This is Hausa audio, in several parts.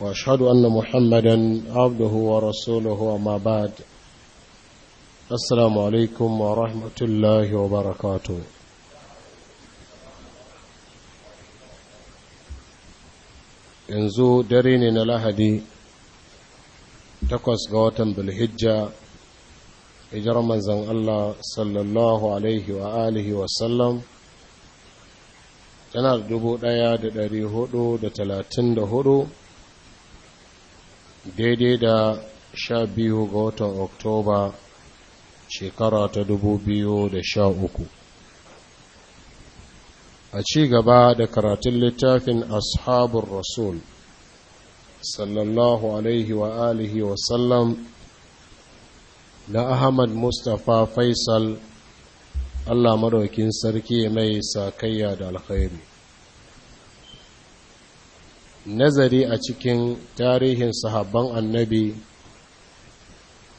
واشهد ان محمدا عبده ورسوله وما بعد السلام عليكم ورحمه الله وبركاته yanzu dare ne na lahadi takwas ga watan bilhijja hijar manzan Allah sallallahu alaihi wa alihi sallam tana da dubu ɗaya da dari hudu da talatin da hudu daidai da sha biyu ga watan oktoba shekara ta dubu biyu da sha uku a ci gaba da karatun littafin ashabun rasul sallallahu alaihi wa alihi sallam na ahmad mustapha faisal allah madaukin sarki mai sakayya da alkhairi nazari a cikin tarihin sahabban annabi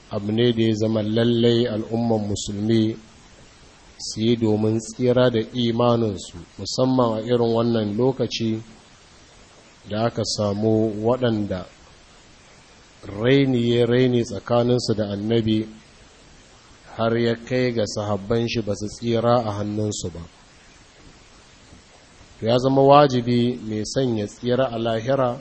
abu ne da ya zama lallai al'umman musulmi su yi domin tsira da imaninsu musamman a irin wannan lokaci da aka samu waɗanda raini ya raini tsakaninsu da annabi har ya kai ga sahabban shi ba su tsira a hannunsu ba to ya zama wajibi mai son ya tsira a lahira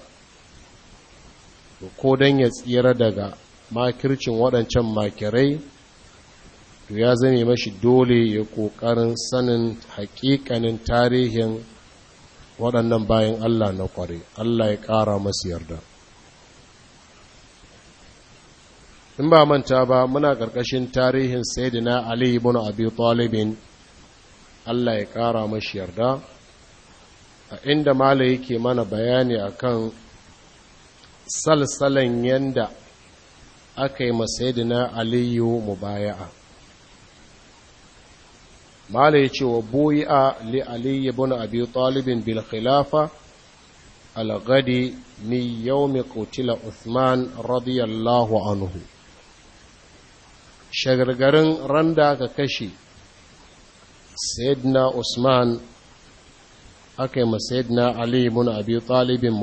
ko don ya tsira daga makircin waɗancan makirai to ya zame mashi dole ya ƙoƙarin sanin haƙiƙanin tarihin waɗannan bayan Allah na ƙware Allah ya ƙara masu yarda in ba manta ba muna ƙarƙashin tarihin saidina Ali ibn Abi Talibin Allah ya ƙara mashi yarda a inda mala yake mana bayani akan salsalan yanda aka yi masaidina aliyu mubaya'a mala ya ce wa buyi'a li aliyu bin abi talibin bil khilafa al-gadi min yawmi qutila uthman radiyallahu anhu shagargarin randa ka kashe sayyidina usman aka yi masayid na alimun abi talibin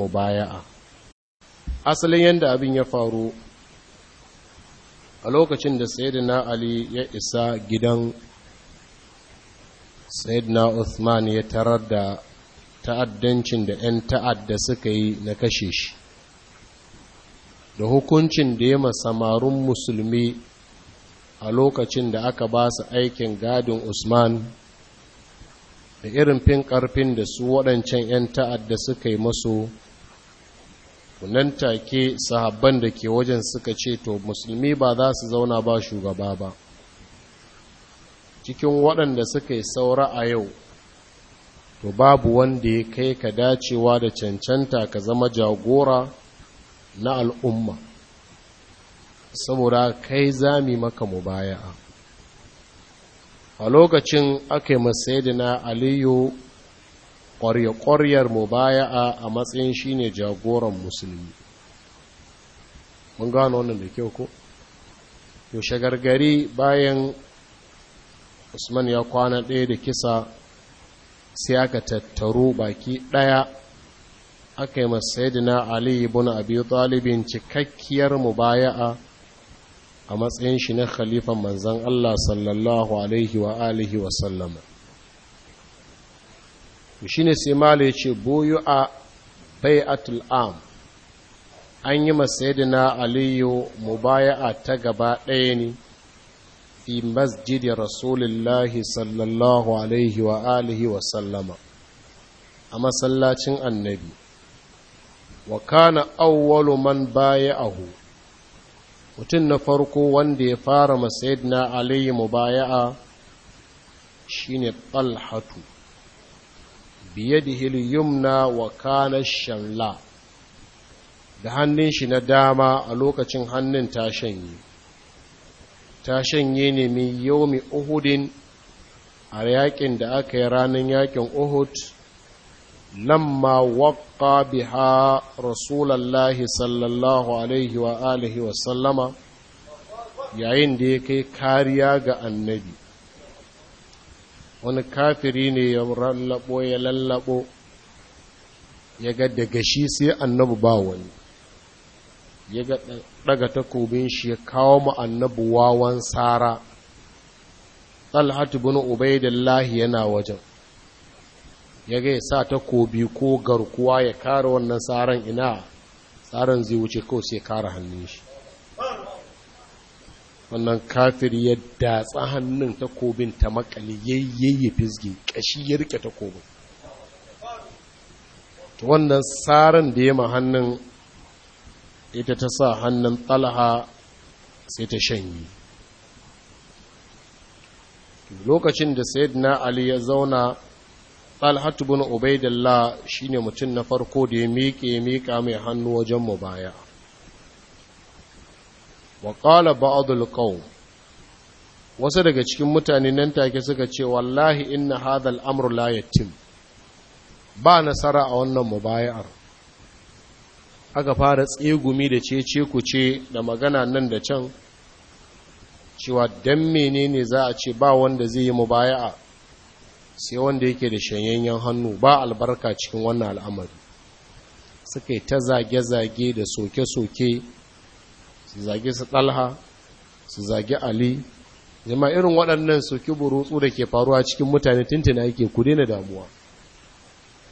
asalin yadda abin ya faru a lokacin da na Ali ya isa gidan na usman ya tarar da ta'addancin da 'yan ta'adda suka yi na kashe shi da hukuncin da ya samarin musulmi a lokacin da aka ba su aikin gadin Usman da irin fin ƙarfin da su waɗancan 'yan ta'adda suka yi masu nan take sahabban da ke wajen suka ce to musulmi ba za su zauna ba shugaba ba cikin waɗanda suka yi saura a yau to babu wanda ya kai ka dacewa da cancanta ka zama jagora na al'umma saboda kai zami maka mubaya'a a lokacin aka yi masayidina aliyu ƙwarya-ƙwaryar mubaya'a a matsayin shine jagoran musulmi mun gano wannan da kyau ko yaushe gargari bayan usman ya kwana ɗaya da kisa sai aka tattaro baki ɗaya aka yi masayidina aliyu bin abi talibin cikakkiyar mubaya'a a matsayin shi na khalifan manzan Allah sallallahu alaihi wa alihi wa sallama shi ne sai mala ya ce boyu a a am an yi na aliyu mubaya'a ta gaba ɗaya ne fi masjidi rasulullahi sallallahu alaihi wa alihi wa sallama a masallacin annabi wa kana awwalu man baya'ahu mutum na farko wanda ya fara masayid na aliyu mubaya'a shine biye da yumna na kana shanla da hannun shi na dama a lokacin hannun ta shanye ne mai yaumi uhudin a yakin da aka yi ranar yakin Ohud lamma waqt ألقى بها رسول الله صلى الله عليه وآله وسلم yayin da ya kai kariya ga annabi wani kafiri ne ya rallabo ya lallabo ya ga daga shi sai annabu ba wani ya ga daga takobin shi ya kawo mu annabu wawan sara talhatu bin ubaidillahi yana wajen ya ga ya sa takobi ko garkuwa ya kara wannan tsaron ina tsaron zai wuce kawai sai kare hannun shi wannan kafir ya datsa hannun takobin ta makali yayyayi fizgi kashi ya rike takobin wannan tsaron da ya ma hannun ita ta sa hannun talha sai ta shanye lokacin da na ali ya zauna talhatu bin ubaidillah shine mutum na farko da ya miƙe miƙa mai hannu wajen mu baya wa qala ba'dul wasu daga cikin mutane nan take suka ce wallahi inna hadha al-amru la yatim ba nasara a wannan mubaya'ar aka fara tsegumi da cece ku ce da magana nan da can cewa dan menene za a ce ba wanda zai yi mubaya'a sai wanda yake da shanyayyen hannu ba albarka cikin wannan al'amari suka yi ta zage-zage da soke-soke su zage su ɗalha su zage ali zama irin waɗannan soke burutsu da ke faruwa cikin mutane tintina yake ku daina damuwa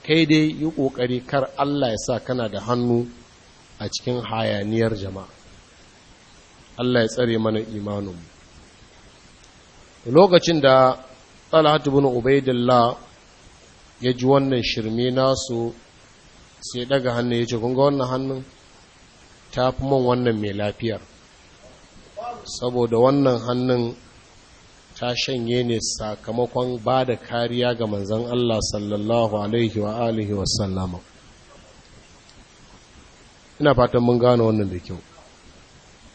kai dai yi ƙoƙari kar allah ya sa kana da hannu a cikin hayaniyar jama'a allah ya tsare mana imaninmu lokacin da talhat bin ubaidillah ya ji wannan shirme nasu sai daga hannu ya ce kunga wannan hannun ta fi man wannan mai lafiyar saboda wannan hannun ta shanye ne sakamakon ba da kariya ga manzan Allah sallallahu alaihi wa alihi wasallama ina fatan mun gano wannan da kyau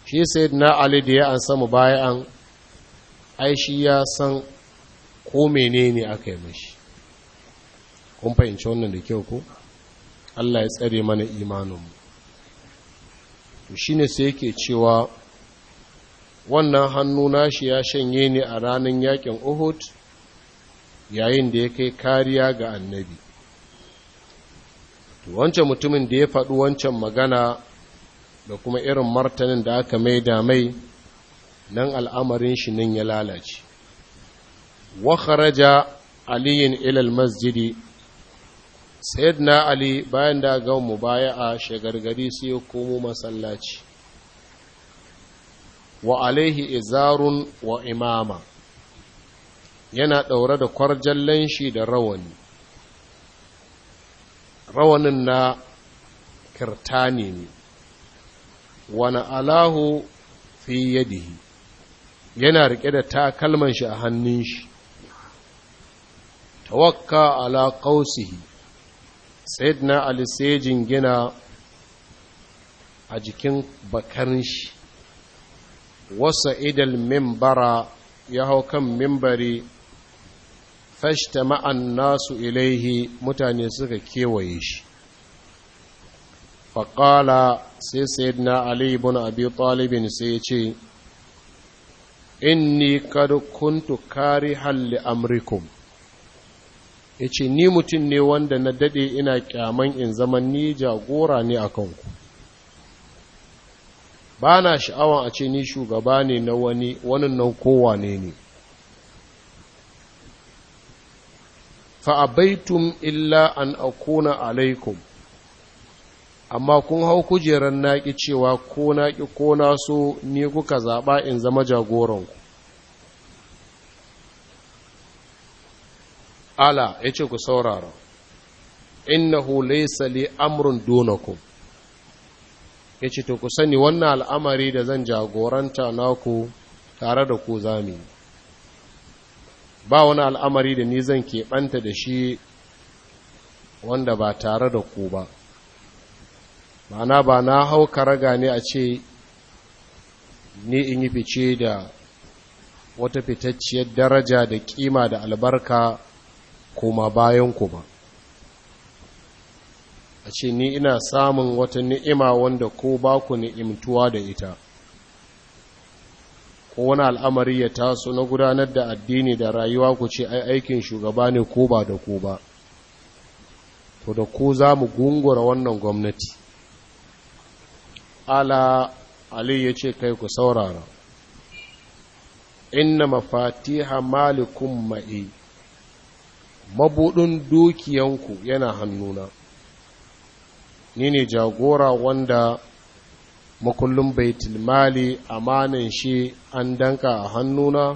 shi sai na ali da ya an samu bayan ai shi ya san ko menene aka yi mashi kun fahimci wannan da kyau ko Allah ya tsare mana imaninmu to shine sai yake cewa wannan hannu na shi ya shanye ne a ranar yakin Uhud yayin da ya kai kariya ga annabi to wancan mutumin da ya faɗi wancan magana da kuma irin martanin da aka maida mai nan al'amarin shi nan ya lalace wa kharaja aliyin ilal masjidi na ali bayan da ga mu mubaya'a shagargari sai ya komo masallaci wa alaihi izarun wa imama yana ɗaure da kwarjallen shi da rawani rawanin na kirtani ne wani alahu fi yadihi yana riƙe da takalman shi a hannun shi tawakka ala qausihi sayyidina ali sai jingina a jikin bakan shi wasa idal mimbara ya hau kan mimbari fashta ma'an nasu ilaihi mutane suka kewaye shi faƙala sai sayyidina ali ibn abi talibin sai ya ce inni kad kuntu kari halli amrikum ya ce ni mutum ne wanda na dade ina kyaman in zama ni jagora ne a kanku ba na sha'awan a ce ni shugaba ne na wani wani nan kowa ne ne fa'abaitum illa an akuna alaikum amma kun hau kujerar naƙi cewa ko naƙi ko na so ni kuka zaɓa in zama jagoranku ala ya ce ku saurara innahu laysa li amrun dunakum ya ce to ku sani wannan al'amari da zan jagoranta naku tare da ku zami ba wani al'amari da ni zan keɓanta da shi wanda ba tare da ku ba ma'ana ba na hau karaga ne a ce ni in yi fice da wata fitacciyar daraja da kima da albarka koma bayan ku ba a ce ni ina samun wata ni'ima wanda ko ba ku ni'imtuwa da ita ko wani al'amari ya taso na gudanar da addini da rayuwa ku ce ai aikin shugaba ne ko ba da ku ba to da ku za mu gungura wannan gwamnati ala ali ya ce kai ku saurara inna mafatiha malikum ma'i mabuɗin dukiyanku yana hannuna ni ne jagora wanda makullin mali, amanin shi an danka a hannuna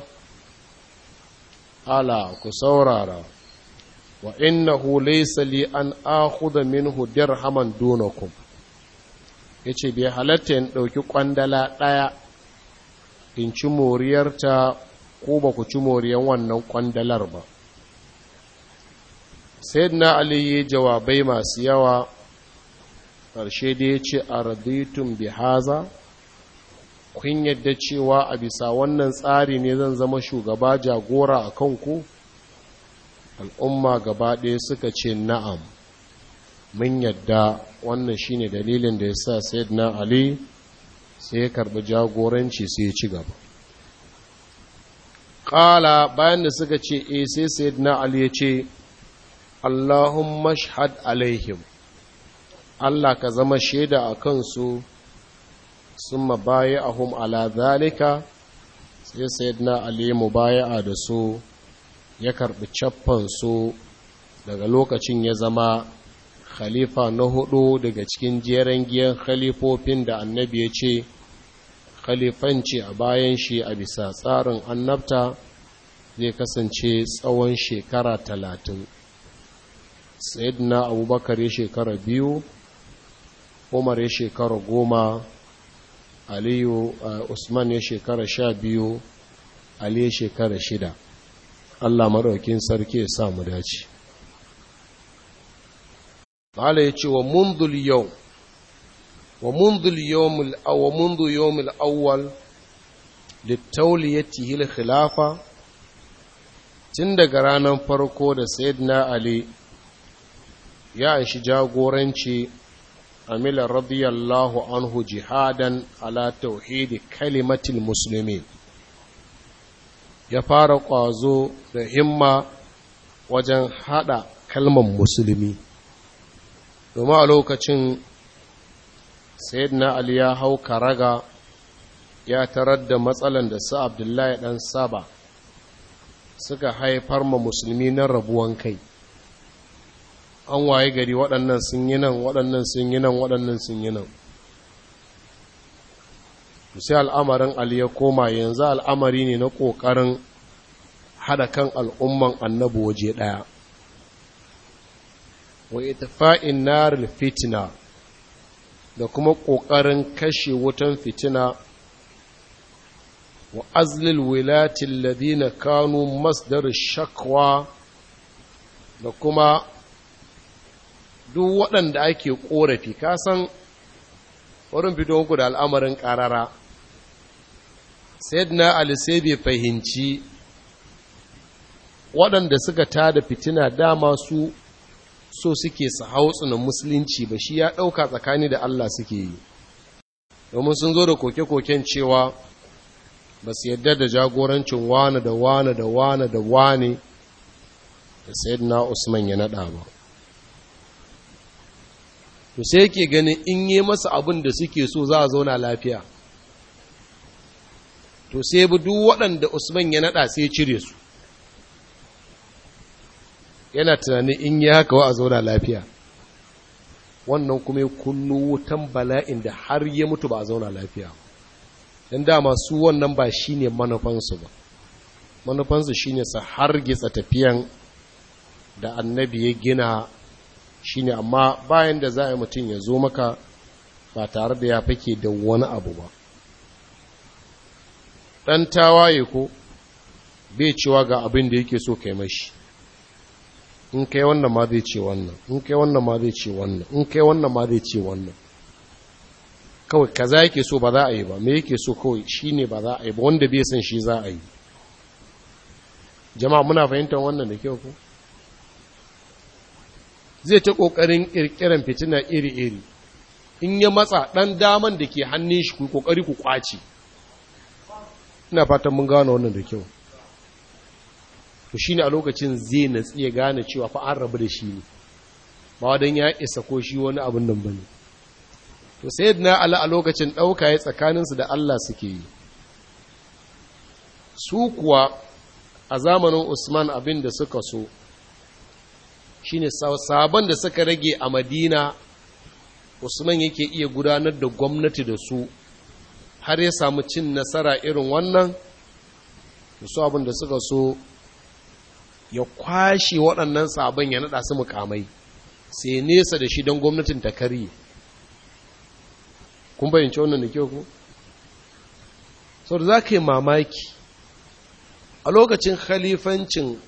ala ku saurara wa innahu laysa li an akhudha minhu dirhaman dunakum yace bai halatta in dauki kwandala daya in ci moriyarta ko ba ku ci moriyan wannan kwandalar ba sayyidina ali ya jawabai masu yawa ƙarshe da ya ce a raditun bihaza kun yadda cewa a bisa wannan tsari ne zan zama shugaba jagora a kanku al'umma gaba ɗaya suka ce na'am mun yadda wannan shine dalilin da ya sa sayyidina ali sai ya karɓi jagoranci sai ya ci gaba ƙala bayan da suka ce e sai sayyidina ali ya ce Allahumma shahad alaihim Allah ka zama shaida a kansu sun a ahum ala zalika sai sayyidina Ali a da su ya karɓi caffan su daga lokacin ya zama khalifa na hudu daga cikin jeren giyan khalifofin da annabi ya ce khalifanci a bayan shi a bisa tsarin annabta zai kasance tsawon shekara talatin sayyidina abubakar ya shekara biyu umar ya shekara goma aliyu uh, usman ya shekara sha biyu ali ya shekara shida allah maɗaukin sarki ya samu dace ƙala ya ce wa mundul yau wa mundul yawmul awwal littauliyatihi khilafa tun daga ranar farko da sayyidina ali ya anshi jagoranci amila radiyallahu anhu jihadan ala tauhidi kalimatil musulmi ya fara ƙwazo da himma wajen haɗa kalman musulmi domin a lokacin sayyidina ali ya hau karaga ya tarar da matsalan da su abdullahi ɗan saba suka haifar ma musulmi na rabuwan kai an waye gari waɗannan sun yi nan waɗannan sun yi nan waɗannan sun yi nan sai al'amarin ali koma yanzu al'amari ne na ƙoƙarin haɗa kan al'umman annabu waje ɗaya wa itfa'in na fitina da kuma ƙoƙarin kashe wutan fitina wa azlil wilatin ladina kanu masdar shakwa da kuma duk waɗanda ake ƙorafi kasan wurin bidonku da al'amarin ƙarara sayyidina ali sai bai fahimci waɗanda suka tada fitina dama su so suke su hautsunan musulunci ba shi ya ɗauka tsakani da Allah suke yi domin sun zo da koke-koken cewa ba su yadda da jagorancin wane da wane da wane da wane da sayidina usman ya naɗa ba to sai yake ganin in yi masa abin da suke so za a zauna lafiya to sai bi duk waɗanda usman ya naɗa sai cire su yana tunanin in yi haka wa a zauna lafiya wannan kuma kunnu wutan bala'in da har ya mutu ba a zauna lafiya don dama su wannan ba shi ne manufansu ba manufansu shi ne su hargitsa tafiyan da annabi ya gina shine amma bayan da za a yi mutum ya zo maka ba tare da ya fake da wani abu ba ɗan tawaye ko bai cewa ga abin da yake so kai mashi in kai wannan ma zai ce wannan in kai wannan ma zai ce wannan in kai wannan ma zai ce wannan kawai kaza yake so ba za a yi ba me yake so kawai Shi ne ba za a yi ba wanda bai san shi za a yi jama'a muna fahimtar wannan da kyau ko zai ta ƙoƙarin ƙirƙiran fitina iri-iri in ya matsa ɗan daman da ke hannun shi ku ƙoƙari ku ƙwace ina fatan mun gano wannan da kyau to shi ne a lokacin zai na ya gane cewa fa an rabu da shi ne ba wadon ya isa ko shi wani abin nan ba ne to sai na ala a lokacin ɗauka ya tsakaninsu da allah suke yi su kuwa a zamanin usman abin da suka so Shi ne sabon da suka rage a madina usman yake iya gudanar da gwamnati da su har ya samu cin nasara irin wannan su abin da suka so ya kwashe waɗannan sabon ya naɗa su mukamai sai nesa da shi don gwamnatin ta kari kun bayyance wannan da kyau ku sau da za ka yi mamaki a lokacin khalifancin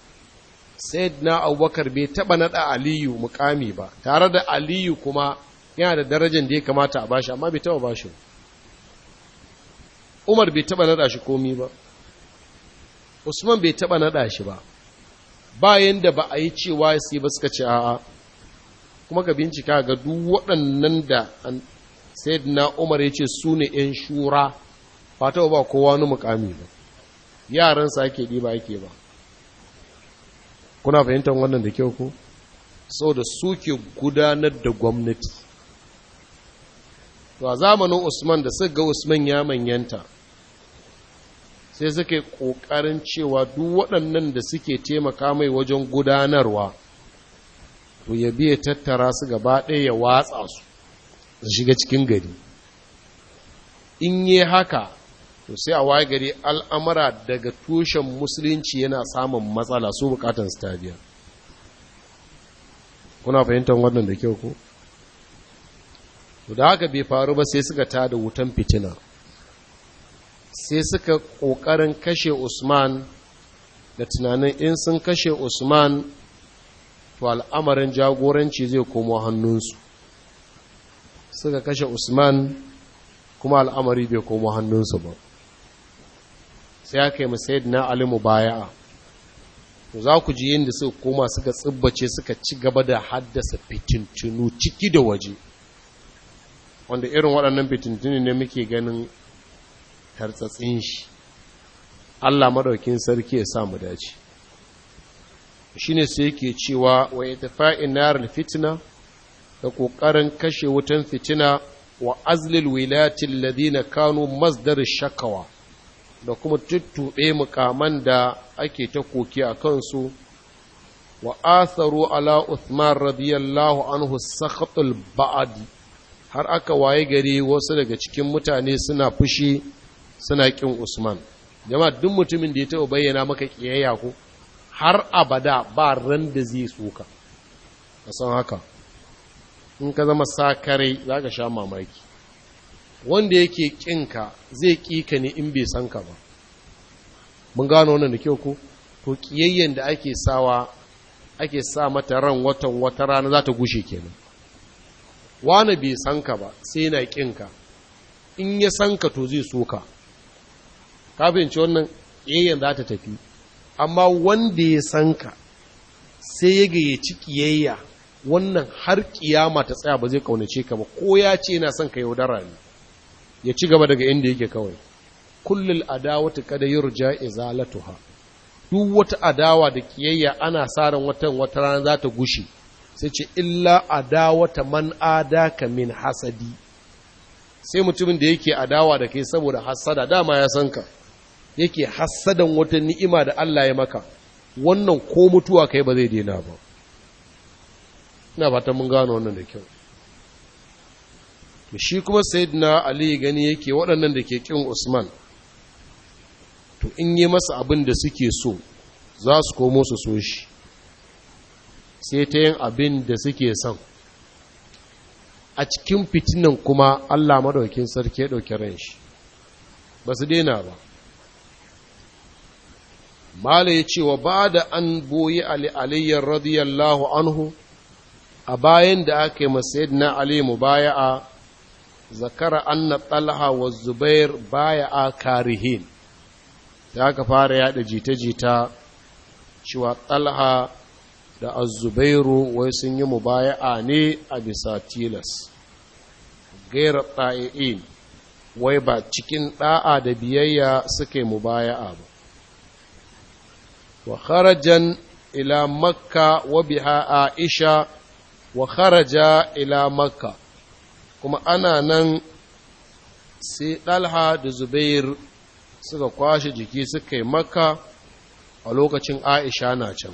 sayyidina abubakar bai taɓa naɗa aliyu mukami ba tare da aliyu kuma yana da darajar da ya kamata a bashi amma bai taɓa bashi umar bai taɓa naɗa shi komi ba usman bai taba naɗa shi ba bayan da ba a yi cewa sai ba suka ce a'a kuma ka bincika ga duk waɗannan da sayyidina umar ya ce su ne 'yan shura ba ta ba kowa wani mukami ba yaran yaransa ake ɗiba ake ba kuna fahimtar wannan da kyau sau saboda suke gudanar da gwamnati to a zamanin usman da suka ga usman ya manyanta sai suke ƙoƙarin cewa duk waɗannan da suke taimaka mai wajen gudanarwa to ya biya tattara su gaba ɗaya ya watsa su su shiga cikin gari in yi haka to sai a waye gari al'amura daga tushen musulunci yana samun matsala su bukatan stadiya kuna fahimtar wannan da kyau ko to da haka bai faru ba sai suka tada wutan fitina sai suka kokarin kashe Usman da tunanin in sun kashe Usman to al'amarin jagoranci zai komo hannunsu suka kashe Usman kuma al'amari bai komo hannunsu ba sai aka yi yadda na alimu baya za ku ji yin da suka koma suka tsibbace suka ci gaba da haddasa fitintunu ciki da waje wanda irin waɗannan fitintunu ne muke ganin tartsatsin shi Allah maɗaukin sarki ya samu dace shi ne sai yake cewa wa ya tafi inarar fitina da ƙoƙarin kashe wutan fitina wa azlil wilatin ladina kano masdar shakawa da kuma tuttuɓe mukaman da ake ta koki a kansu wa atharu ala usman radiyallahu anhu sakhatul ba'adi har aka waye gari wasu daga cikin mutane suna fushi suna kin Usman jama'a duk mutumin da ya taba bayyana maka kiyayya ko har abada ba ran da zai soka ka san haka in ka zama sakare za ka sha mamaki wanda yake ƙinka zai ƙika ne in bai san ka ba mun gano wannan da kyau ko to ƙiyayyen da ake sawa ake sa mata ran watan wata rana za ta gushe kenan wani bai san ka ba sai yana ƙinka in ya san ka to zai soka ka ci fahimci wannan ƙiyayyen za ta tafi amma wanda ya san ka sai ya gayyaci ƙiyayya wannan har ƙiyama ta tsaya ba zai ƙaunace ka ba ko ya ce yana son ka yaudara ne ya ci gaba daga inda yake kawai kullul adawatu kada yurja izalatuha duk wata adawa da kiyayya ana saran watan wata rana za ta gushe sai ce illa adawata man adaka min hasadi sai mutumin da yake adawa da kai saboda hasada dama ya san ka yake hasadan wata ni'ima da Allah ya maka wannan ko mutuwa kai ba zai daina ba ina fatan mun gano wannan da kyau shi kuma sayyidina ali gani yake waɗannan da ke ƙin usman to in yi masa abin da suke so za su komo su so shi sai ta yin abin da suke son a cikin fitinan kuma allah maɗaukin sarki ya ɗauki ran shi ba su daina ba mala ya ce ba da an boye aliyar radiyallahu anhu a bayan da aka yi masayid na ali a? zakara anna talha wa zubair baya a karihin da aka fara yada jita-jita cewa talha da azubairu wai sun yi mubaya'a ne a bisa tilas gairar ɗa'i'in wai ba cikin ɗa'a da biyayya suke mubaya'a ba wa kharajan ila makka wa biha aisha wa kharaja ila makka kuma ana nan sai ɗalha da zubair suka kwashe jiki suka yi maka a lokacin aisha na can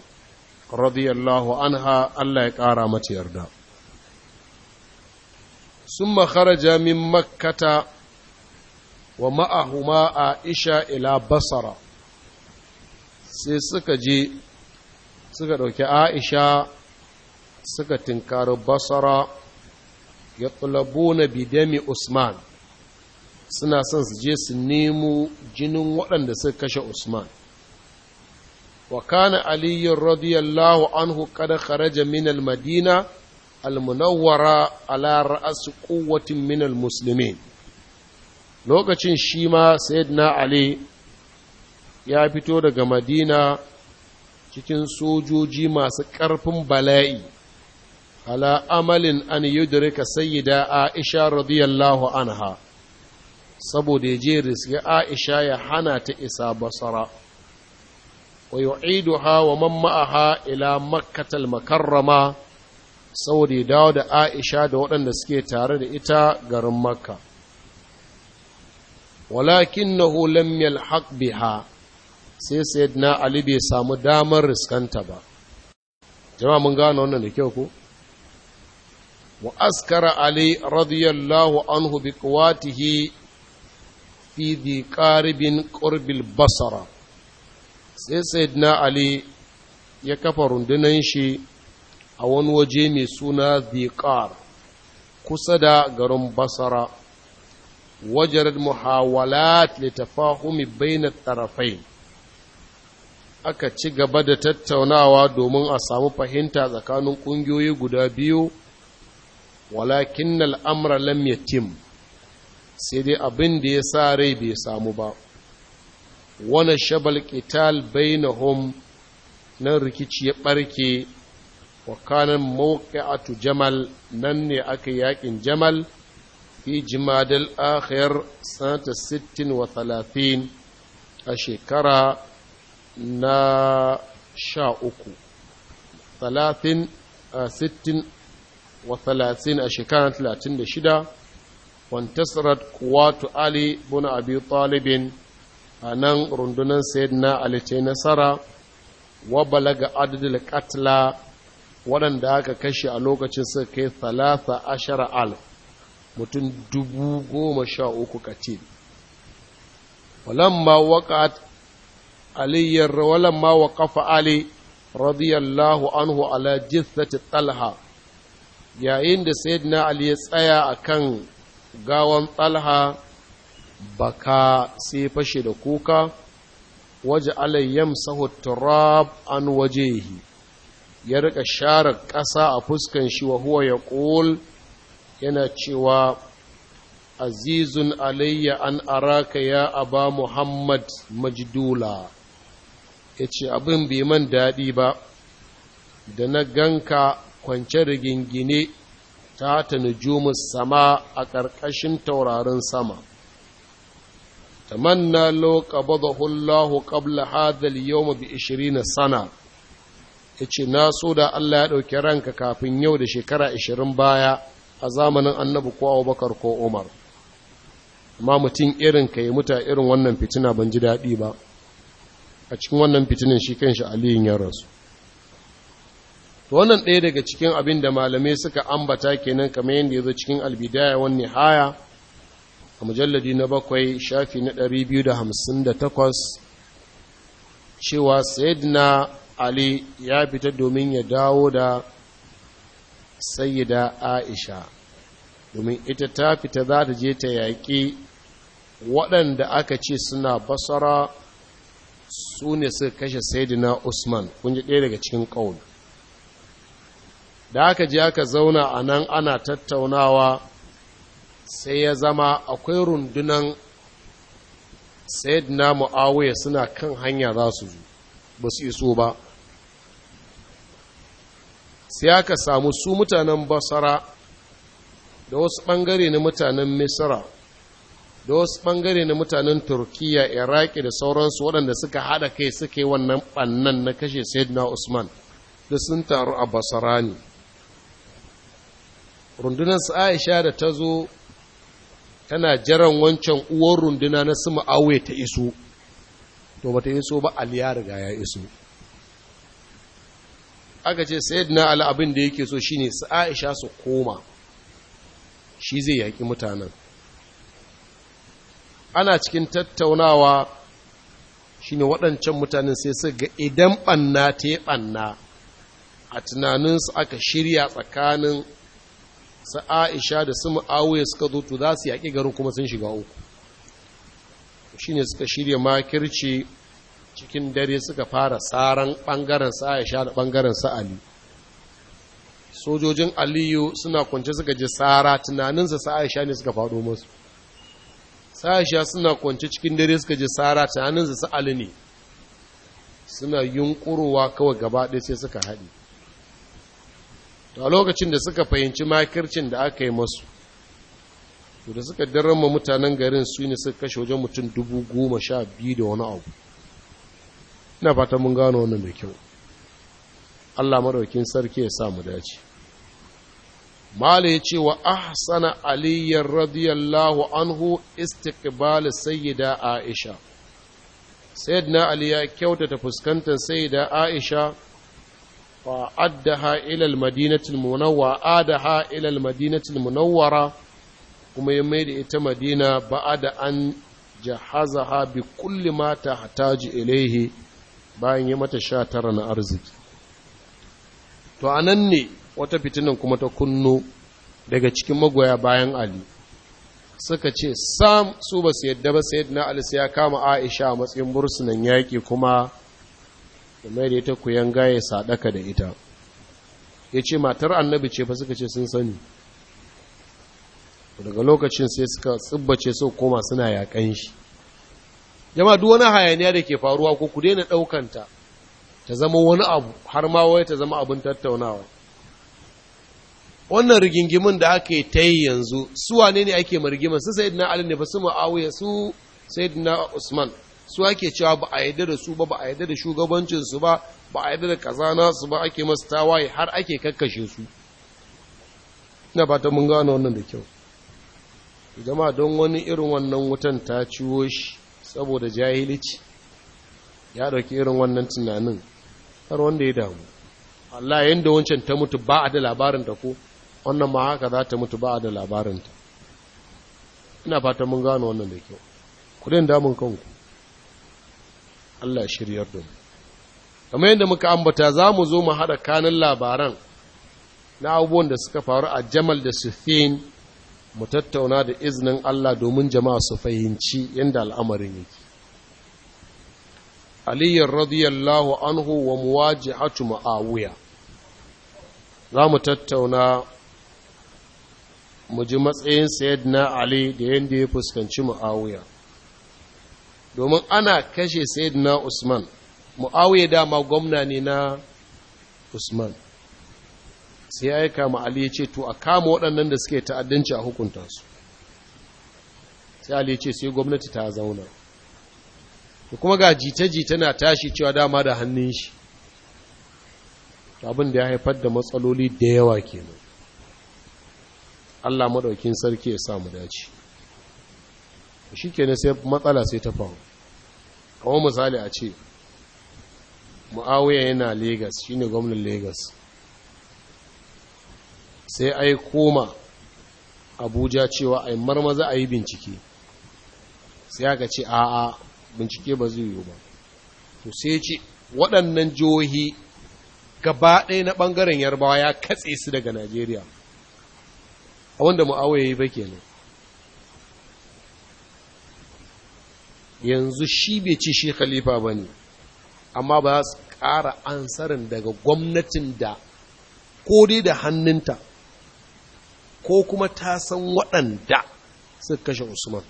radiyallahu anha allah ya ƙara mata yarda sun makaraja min makkata wa ma'ahuma aisha ila basara sai suka je suka ɗauki aisha suka tinkari basara ya na bidami usman suna son su je su nemo jinin waɗanda suka kashe usman wa kana aliyu radiyallahu anhu kada kharaja min al-madina al-munawwara ala ra'as quwwatin min al-muslimin lokacin shi ma sayyidina ali ya fito daga madina cikin sojoji masu ƙarfin bala'i ala amalin an yudrika sayyida aisha radiyallahu anha saboda je riske aisha ya hana ta isa basara wa yu'iduha wa man ma'aha ila makkatal makarrama saboda ya dawo da aisha da waɗanda suke tare da ita garin makka walakinnahu lam yalhaq biha sai sayyidina ali bai samu damar riskanta ba Jama mun gane wannan da kyau ko wa askara ali radiyallahu anhu bi quwatihi fi di qaribin qurbil basara sai sayyidina ali ya kafa rundunar shi a wani waje mai suna dhiqar kusa da garin basara wajarar muhawalat bai na tarafain aka ci gaba da tattaunawa domin a samu fahimta tsakanin ƙungiyoyi guda biyu walakin amra lam yatim sai dai abin da ya sa rai bai samu ba wani shabal qital bainahum nan rikici ya barke wa kanan mawqi'atu jamal nan ne aka yakin jamal fi jimadal akhir sanata 36 a shekara na sha uku talatin a sittin wa 30 a shekarar 36 wantasarar kuwatu ali bin abi talibin a nan rundunar sayyidina ali ce nasara wa ga adadin katla waɗanda aka kashe a lokacin suka kai 13 alf mutum dubu goma sha uku katil walamma waqat aliyyar walamma waqafa ali radiyallahu anhu ala jithati talha yayin da sayyidina ali ya tsaya a kan gawan tsalha ka sai fashe da kuka waje alayyam sahuturab an wajehi ya rika share ƙasa a fuskan shi wa huwa ya ƙol yana cewa azizun alayya an araka ya aba muhammad majdula ya ce abin bai man daɗi ba da na ganka kwance da gingine ta ta nujumus sama a ƙarƙashin taurarin sama tamanna lo qabadahu hulahu ƙabla hadal yau ma bi 20 sana ce, na so da Allah ya ɗauki ranka kafin yau da shekara ishirin baya a zamanin Annabi ko Bakar, ko Umar amma mutum irin ka yi muta irin wannan fitina ban ji daɗi ba a cikin wannan fitinin shi kan shi aliyin ya rasu to wannan ɗaya daga cikin abin da malamai suka ambata kenan kamar yadda ya zo cikin albidaya wani haya a mujalladi na bakwai shafi na ɗari biyu da hamsin da takwas cewa saidina ali ya fita domin ya dawo da sayyida aisha domin ita ta fita za ta je ta yaƙi waɗanda aka ce suna basara su ne suka kashe sayidina usman kun ɗaya daga cikin ƙaunu da aka je aka zauna a nan ana tattaunawa sai ya zama akwai rundunan na mu'awiyya suna kan hanya za su zo ba su iso ba sai aka samu su mutanen basara da wasu ɓangare na mutanen misra da wasu ɓangare na mutanen turkiya iraki da sauransu waɗanda suka haɗa kai suka wannan ɓannan na kashe na usman da sun taru a basara ne rundunar su aisha da ta zo tana jiran wancan uwar runduna na suma ma'awe ta iso to ba ta iso ba aliya ya riga ya iso aka ce na ali abin da yake so shine su aisha su koma shi zai yaƙi mutanen ana cikin tattaunawa shine waɗancan mutanen sai su ga idan ɓanna ta yi ɓanna a tunaninsu aka shirya tsakanin su aisha da su mu'awiyar suka zo to za su yaƙi garin kuma sun shiga uku shi ne suka shirya makirci cikin dare suka fara tsaron ɓangaren su aisha da ɓangaren su ali sojojin aliyu suna kwance suka ji tsara tunaninsa su aisha ne suka faɗo musu su aisha suna kwance cikin dare suka ji tsara tunaninsa su ali ne suna yunkurowa kawai gaba ɗaya sai suka haɗe to a lokacin da suka fahimci makircin da aka yi masu to da suka darama mutanen garin su ne suka kashe wajen mutum dubu goma sha biyu da wani abu ina fata mun gano wannan da kyau Allah maraukin sarki ya sa mu dace Mala ya ce wa ahsana aliyar radiyallahu anhu istikbali sayyida Aisha Sayyidina Ali ya kyautata fuskantar sayyida Aisha وعدها إلى المدينة المنورة عادها إلى المدينة المنورة kuma ya mai da ita madina ba'a da an jahazaha bi kulli bayan ya mata sha tara na arziki to anan ne wata fitinan kuma ta kunno daga cikin magoya bayan ali suka ce sam su ba su yadda ba sayyidina ali sai ya kama aisha a matsayin bursunan yaƙi kuma ya ta kuyan gaye sadaka da ita ya ce matar annabi ce fa suka ce sun sani daga lokacin sai suka tsibbace sau koma suna yakan shi yama duk wani hayaniya da ke faruwa ko ku daina ɗaukanta ta zama wani abu har ma wai ta zama abin tattaunawa wannan rigingimin da aka yi ta yi yanzu su wane ne ake marigimar su sayidina ali ne ba su ma'awiya su sayidina usman su ake cewa ba a yadda da su ba ba a yadda da shugabancinsu ba ba a yadda da kazana su ba ake masu tawaye har ake kakkashe su ina fata mun gano wannan da kyau jama'a don wani irin wannan wutan ta ciwo shi saboda jahilici ya ɗauki irin wannan tunanin har wanda ya damu Allah yadda wancan ta mutu ba a da ta, ko wannan ma haka za ta mutu ba a da ta. ina fata mun gano wannan da kyau ku damun kanku Allah ya shiryar da mu kamar yadda muka ambata za mu zo mu haɗa kanin labaran na abubuwan da suka faru a jamal da sufin mu tattauna da izinin Allah domin jama'a su fahimci yadda al'amarin yake aliyar radiyallahu anhu wa muwaji hatu ma'awuya za mu tattauna mu ji matsayin na ali da yadda ya fuskanci ma'awuya domin ana kashe sayyidina usman mu'awiya dama gwamna ne na usman sai ya yi kama ali ya ce to a kama waɗannan da suke ta'addanci a hukunta su sai ali ya ce sai gwamnati ta zauna to kuma ga jita-jita na tashi cewa dama da hannun shi abin da ya haifar da matsaloli da yawa kenan Allah maɗaukin sarki ya samu dace shi kenan sai matsala sai ta faru kawo misali a ce mu'awiya yana lagos ne gwamnan Legas, sai yi koma abuja cewa ai marmaza a yi bincike sai aka ce a'a bincike ba zai yiwu ba to sai ce waɗannan jihohi gaba ɗaya na ɓangaren yarbawa ya katse su daga najeriya a wanda mu'awiya yi ba kenan yanzu shi bai ci shi khalifa ba ne amma ba za su ƙara ansarin daga gwamnatin da ko dai da hannunta ko kuma ta san waɗanda suka kashe usman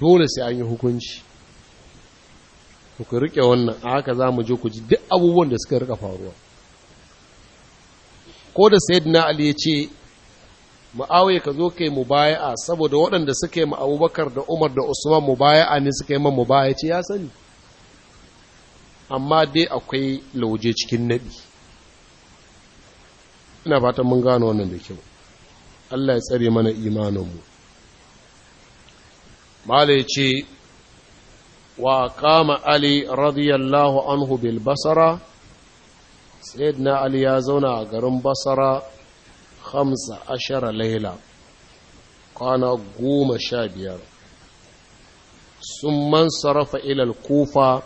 dole sai an yi hukunci ku riƙe wannan a haka za mu je ku ji duk abubuwan da suka rika faruwa ko da sayyidina ali ya ce mu'awiya ka zo ka yi mubaya'a saboda waɗanda suka ma abubakar da umar da usman mubaya'a ne suka yi ma mubaya ce ya sani amma dai akwai lauje cikin naɗi ina fatan mun gano wannan da kyau Allah ya tsare mana imaninmu mala yace ce wa kama ali radiyallahu anhu bil basara sayyidina ali ya zauna a garin basara hamsa ashara laila kwana goma sha biyar sun man sarrafa ilal kufa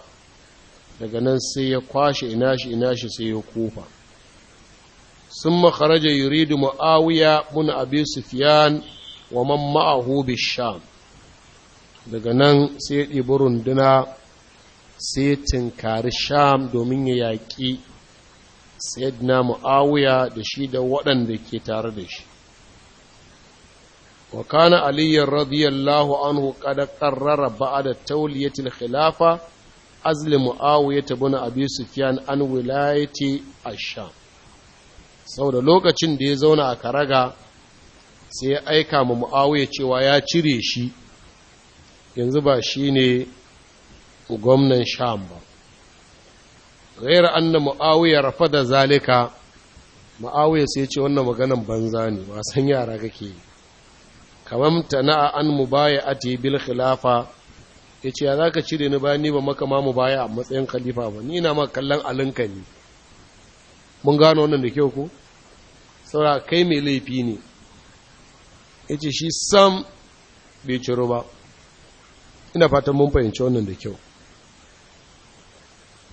daga nan sai ya kwashe inashi inashi sai ya kufa sun makaraja yuridu ma'awiya mun abi sufyan wa man ma'ahu bisham daga nan sai ya ɗibi runduna sai tinkari sham domin ya yaƙi sayyidina mu'awiya da shi da waɗanda ke tare da shi wa kana aliyyar radiyallahu anhu kada karrara ba'ada tauliyatil khilafa azli mu'awiya ta bin abi sufyan an wilayati asham da lokacin da ya zauna a karaga sai ya aika ma mu'awiya cewa ya cire shi yanzu ba shi ne gwamnan sham ba ghayra anna muawiya rafada zalika muawiya sai ya ce wannan maganan banza ne wasan yara kake yi kamar tana'a an mubaya'ati bil khilafa yace ya zaka cire ni ba ni ba maka ma mubaya a matsayin khalifa ba ni ina maka kallon alinka ne mun gano wannan da kyau ko saura kai mai laifi ne yace shi sam bai ciro ba ina fatan mun fahimci wannan da kyau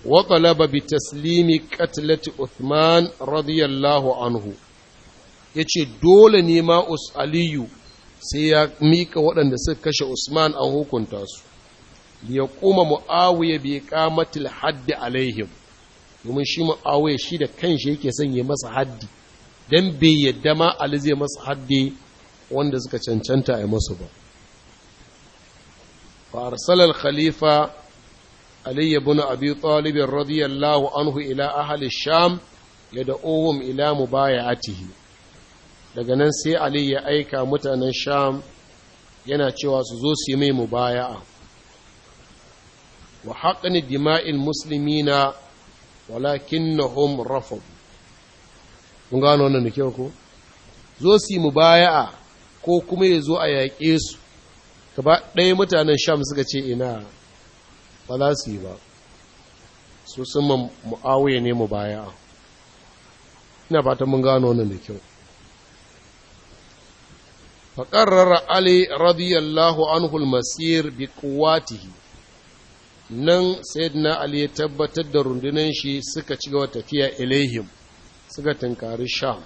wa talaba bi taslimi qatlati Uthman radiyallahu anhu yace dole ne ma us aliyu sai ya mika waɗanda suka kashe Usman an hukunta su ya kuma mu'awiya bi qamatil haddi alaihim domin shi mu'awiya shi da kanshi yake son ya masa haddi dan bai yadda ma ali zai masa haddi wanda suka cancanta a masu ba fa khalifa علي بن أبي طالب رضي الله عنه إلى أهل الشام يدعوهم إلى مبايعته daga nan sai Ali ya aika mutanen Sham yana cewa su zo su yi mai mubaya'a wa haƙani dima'il muslimina walakinnahum rafadu mun gano wannan da kyau ko zo su yi mubaya'a ko kuma ya zo a yaƙe su gaba ɗaya mutanen Sham suka ce ina ba su yi ba su sun mu'awiyya ne mu baya ina fata mun gano wani da kyau faƙarrara ali radiyallahu anhul masir bi kuwatihi nan sayyidina ali ya tabbatar da rundunan shi suka ci gaba tafiya ilaihim suka tunkari sham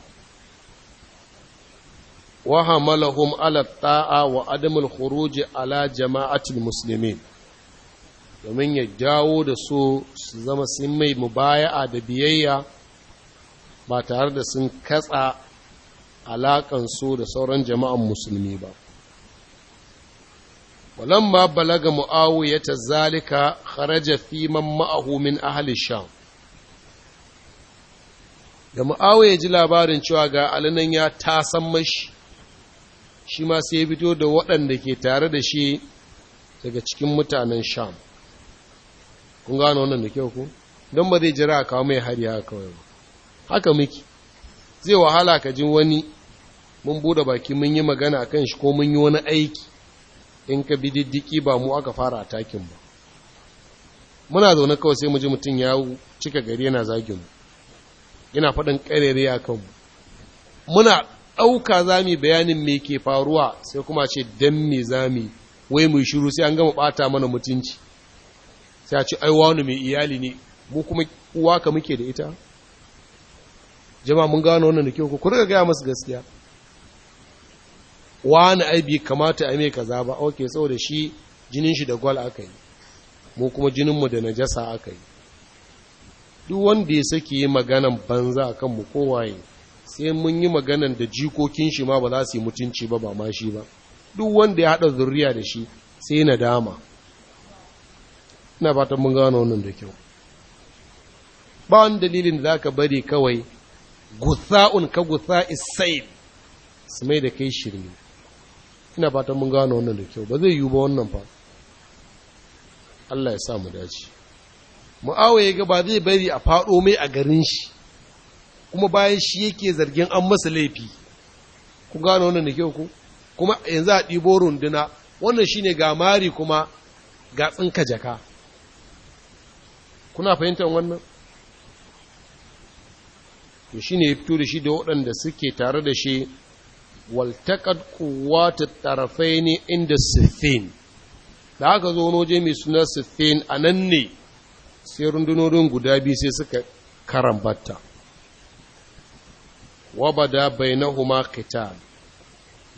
wa hamalahum ala ta'a wa adamul khuruj ala jama'atul muslimin domin ya dawo da su su zama sun mai mubaya'a da biyayya ba tare da sun katsa alaƙansu da sauran jama'an musulmi ba ba balaga ya ta zalika kharaja fi man ma'ahu min ahli sham da mu'awu ya ji labarin cewa ga alinan ya tasan mashi shi ma sai ya fito da waɗanda ke tare da shi daga cikin mutanen sham kun gano wannan da kyau ku don ba zai jira a kawo mai hari haka kawai ba haka miki zai wahala ka ji wani mun bude baki mun yi magana akan shi ko mun yi wani aiki in ka bi diddiki ba mu aka fara atakin ba muna zaune kawai sai mu ji mutum ya cika gari yana zagin mu yana faɗin ƙarere a mu muna ɗauka za mu bayanin me ke faruwa sai kuma ce dan me za mu wai mu shiru sai an gama ɓata mana mutunci sai a ci wani mai iyali ne mu kuma uwa ka muke da ita Jama mun gano wannan da kyau ku kurga gaya masu gaskiya wani na kamata a mai kaza ba ok saboda shi jinin shi da gwal aka yi mu kuma jininmu da najasa aka yi duk wanda ya sake yi maganan banza a kanmu kowaye sai mun yi maganan da jikokin shi ma ba za su yi mutunci ba ba ma shi ba duk wanda ya haɗa zurriya da shi sai na dama ina fatan mun gano wannan da kyau ba wani dalilin da za ka bari kawai gusa'un ka gusa isai su mai da kai shirme ina fatan mun gano wannan da kyau ba zai yiwu ba wannan fa Allah ya sa mu dace ya ga ba zai bari a faɗo mai a garin shi kuma bayan shi yake zargin an masa laifi ku gano wannan da kyau ku kuma yanzu a ɗibo runduna wannan shine ga mari kuma ga tsinka jaka kuna fahimtar wannan to shi ne ya fito da shi da waɗanda suke tare da shi waltaƙad kuwata tarafai ne inda siffin da aka zo wani waje mai suna siffin a nan ne sai rundunorin guda biyu sai suka karambata wabada bai na huma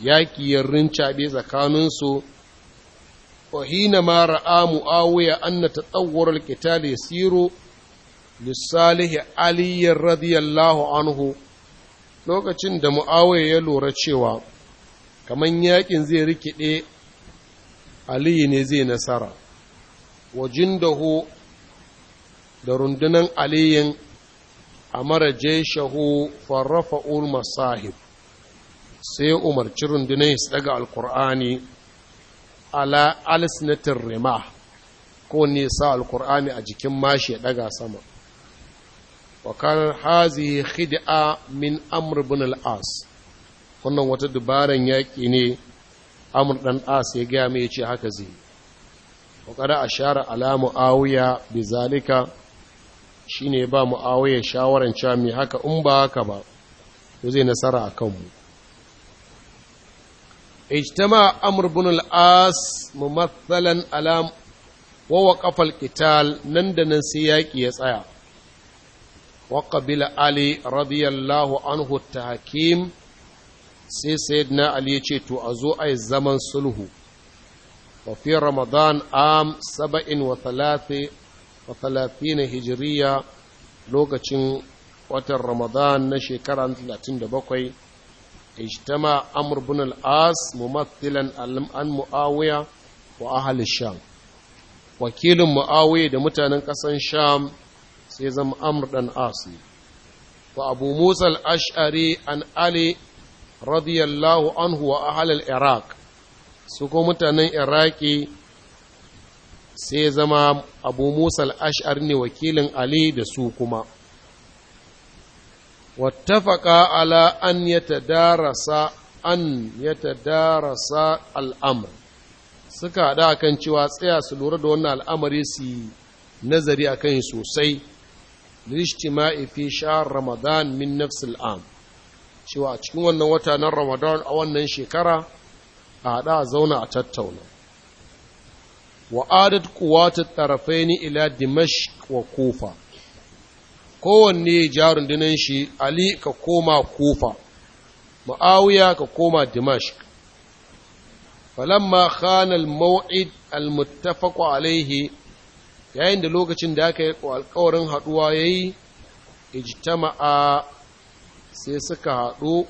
yaƙi ya tsakanin tsakaninsu wa Mara'a ma Annata muawiya anna tatawwur al-qital yasiru lissalih ali radiyallahu anhu lokacin da muawiya ya lura cewa kaman yakin zai rikide ali ne zai nasara wajin dahu da rundunan aliyin amara jaishahu farrafa ul masahib sai umarci rundunan su daga alkur'ani ala alsinatin rima ko nisa alkur'ani a jikin mashi ya daga sama wa kan hazi khid'a min amr bin al-as wannan wata dubaran yaƙi ne amr dan as ya gaya mai yace haka zai wa kada ashara ala muawiya bi zalika shine ba muawiya shawaran cewa mai haka in ba haka ba to zai nasara akan mu اجتمع أمر بن الآس ممثلا على ووقف القتال نندن سياك يسايا وقبل علي رضي الله عنه التحكيم سي سيدنا علي تو أزو أي زمن سلوه وفي رمضان عام سبع وثلاث وثلاثين هجرية لوكة وتر رمضان نشي كران 37 اجتمع عمرو بن العاص ممثلا عن معاوية وأهل الشام وكيل معاوية ده متانن قسن شام سيزم عمرو بن عاص وأبو موسى الأشعري عن علي رضي الله عنه وأهل العراق سكو متانن عراقي sai zama abu musa al'ash'ar ne wakilin ali da su kuma wattafaka ala an yatadarasa an yatadarasa al'amr suka haɗa akan cewa tsaya su lura da wannan al'amari su nazari akan sosai lishtima'i fi ramadan min nafsil am cewa a cikin wannan wata na ramadan a wannan shekara a haɗa a zauna a tattauna wa'adat kuwata ni ila dimashq wa kufa kowanne jarun dinan shi ali ka koma Kofa, ma'awiya ka koma Dimash, falamma khana al-maw'id al alayhi yayin da lokacin da aka yi alkawarin haduwa yayi ijtama'a sai suka haɗu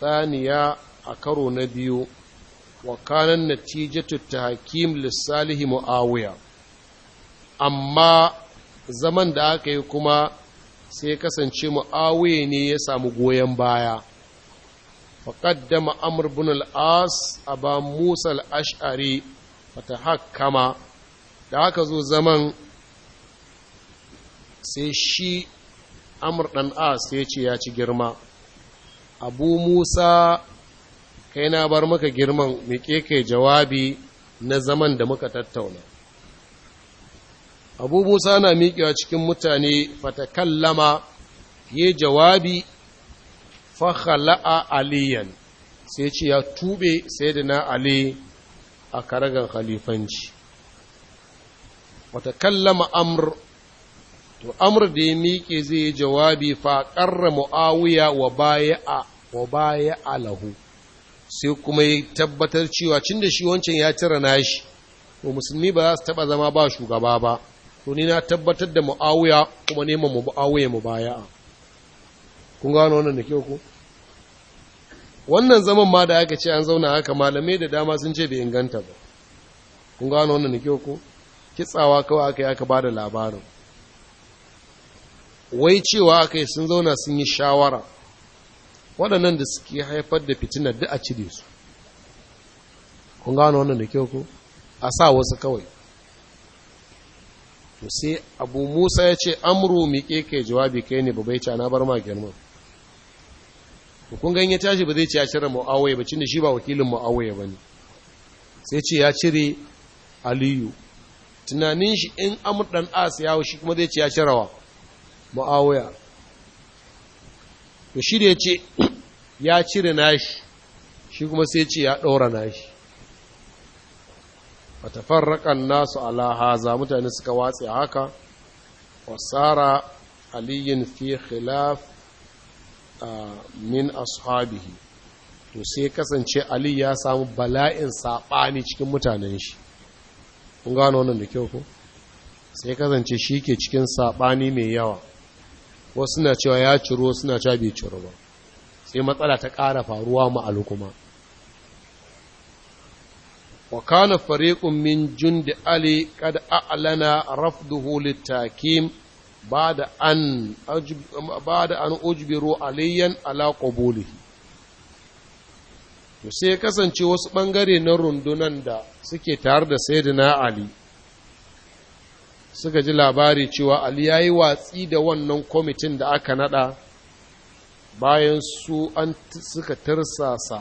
saniya a karo na biyu wa kanan natijatu tahkim lissalihi muawiya amma zaman da aka yi kuma sai kasance mu'awiya ne ya samu goyon baya faƙaddama amr bin al'as a ba musa al'ash'ari fata hakama da aka zo zaman sai shi amr ɗan as ya ce ya ci girma abu musa kai na bar maka girman miƙe kai jawabi na zaman da muka tattauna abu musa na miƙewa cikin mutane fatakallama ya jawabi fakhala'a aliyan sai ce ya tube na ali a karagan khalifanci watakallama Amur, to Amur da ya miƙe zai yi jawabi fa ƙarra mu'awiya wa wa lahu sai kuma ya tabbatar cewa cinda shi wancan ya tira nashi to musulmi ba za su taɓa zama ba shugaba ba to ni na tabbatar da mu'awiya kuma nema mu mu'awiya mu baya? kun gano wannan da kyau ku wannan zaman ma da aka ce an zauna haka malamai da dama sun ce bai inganta ba kun gano wannan da kyau ku kitsawa kawai aka yi aka ba da labarin wai cewa aka yi sun zauna sun yi shawara waɗannan da suke haifar da fitinar duk a cire su kun gano wannan da kyau ku a sa wasu kawai to sai abu musa ya ce amru miƙe ke jawabi kai ne babai ce na bar ma girman to kun ya tashi ba zai ce ya cire mu'awaya ba cinda shi ba wakilin mu'awaya ba ne sai ce ya cire aliyu tunanin shi in amur ɗan as ya shi kuma zai ce ya cire wa mu'awaya to shi da ya ce ya cire nashi shi kuma sai ce ya ɗora nashi fatafarraƙan nasu ala za mutane suka watse haka wasara aliyin fi khilaf min ashabihi to sai kasance ali ya samu bala'in saɓani cikin mutanen shi kun gano wannan da kyau ko sai kasance shi ke cikin saɓani mai yawa wasu na cewa ya ciro suna cewa bai ciro ba sai matsala ta ƙara faruwa ma kuma وكان فريق من min jundi ali أعلن a'lana للتاكيم بعد ba'da an بعد an أجبروا عليا على قبوله to sai kasance wasu ɓangare na rundunan da suke tare da sayyidina ali suka ji labari cewa ali ya yi watsi da wannan kwamitin da aka nada bayan su an suka tirsasa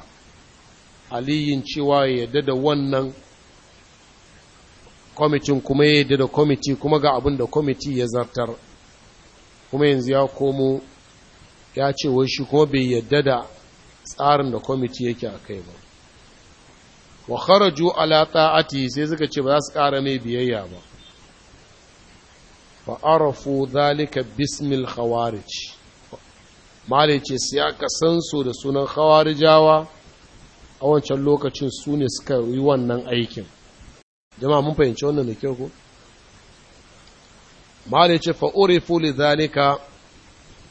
aliyin cewa ya yadda da wannan kwamitin kuma ya yadda da kwamiti kuma ga abin da kwamiti ya zartar kuma yanzu ya komo ya ce wai shi kuma bai yadda da tsarin da kwamiti yake a kai ba wa kharaju ala ta'ati sai suka ce ba za su ƙara mai biyayya ba fa arafu zalika bismil khawarij malai sai aka san su da sunan khawarijawa a wancan lokacin su ne suka yi wannan aikin jama'a mun fahimci wannan da kyau ko mali ce fa'urifu fuli zalika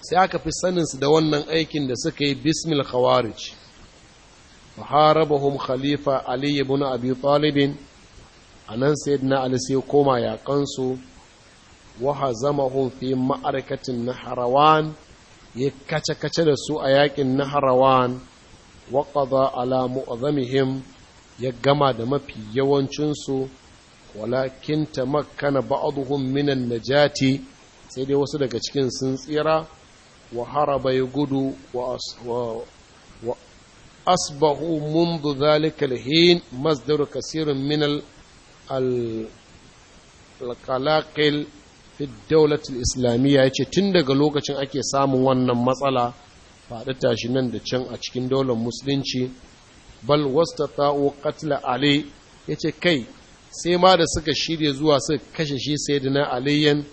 sai aka fi saninsu da wannan aikin da suka yi bismil khawarij harabahum khalifa ali ibn abi talibin anan sayyidina ali sai koma yaƙansu wa hazamahum fi ma'arakatin naharawan ya kace kace da su a yaƙin naharawan waƙaza ala mu'azamihim ya gama da mafi yawancinsu walakin ta makana ba'aduhum minan najati sai dai wasu daga cikin sun tsira wa haraba ya gudu wa asbahu mundu zalika alhin masdaru kasirin min alqalaqil fi dawlatil islamiyya yace tun daga lokacin ake samun wannan matsala faɗi shi nan da can a cikin daular musulunci bal wasta ta'o katla ali ya ce kai sai ma da suka shirya zuwa suka kashe shi sai da na aliyan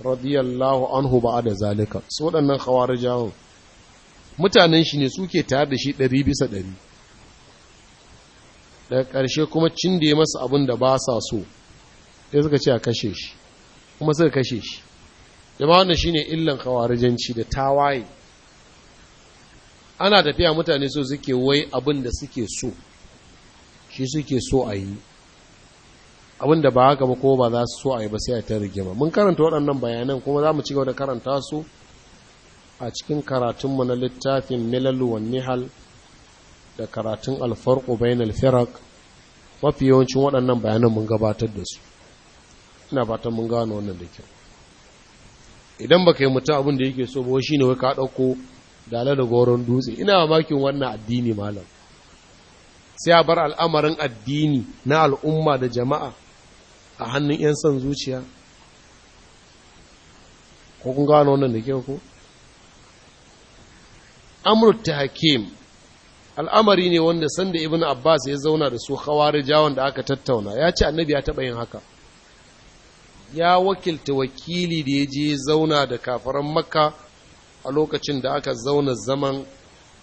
radiyallahu anhu ba da zalika su waɗannan hawar jawon mutanen shi ne suke tare da shi ɗari bisa ɗari daga ƙarshe kuma cin da ya masa abin da ba sa so ya suka ce a kashe shi kuma suka kashe shi jama'a wannan shine illan khawarijanci da tawaye ana tafiya mutane so suke wai abin da suke so shi suke so a yi abin da ba haka ba ko ba za su so a yi ba sai a ta rigima mun karanta waɗannan bayanan kuma za mu ci gaba da karanta su a cikin karatunmu na littafin milalu wa nihal da karatun alfarko bayan alfirak mafi yawancin waɗannan bayanan mun gabatar da su ina fatan mun gano wannan da kyau idan baka yi mutum abin da yake so ba shi ne wai ka ɗauko dala da goron dutse ina makin wannan addini malam sai a bar al'amarin addini na al'umma da jama'a a hannun 'yan son zuciya ko kun gano wannan da kyau ko amurta hakim al'amari ne wanda sanda ibn abbas ya zauna da su jawon da aka tattauna ya ce annabi ya taɓa yin haka ya wakilta wakili da ya je zauna da kafaran makka a lokacin da aka zauna zaman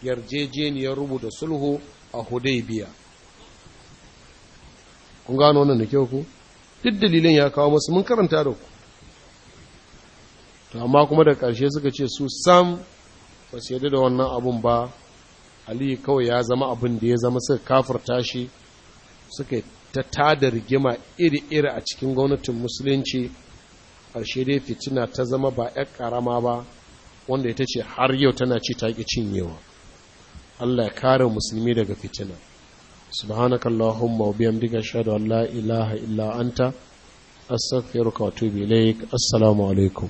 yarjejeniyar rubuta sulhu a hudaybiya kun gano wannan da kyau ku duk dalilin ya kawo masu mun karanta da ku amma kuma da ƙarshe suka ce su sam ba su yadda da wannan abun ba aliyu kawai ya zama abin da ya zama suka kafarta shi suka ta tada rigima iri-iri a cikin gwamnatin musulunci ƙarshe dai fitina ta zama ba 'yar ƙarama ba wanda ita ce har yau tana ci ta ki cinyewa Allah ya kare musulmi daga fitina subhanaka allahumma wa bihamdika ashhadu an la ilaha illa anta astaghfiruka wa atubu ilaik assalamu alaikum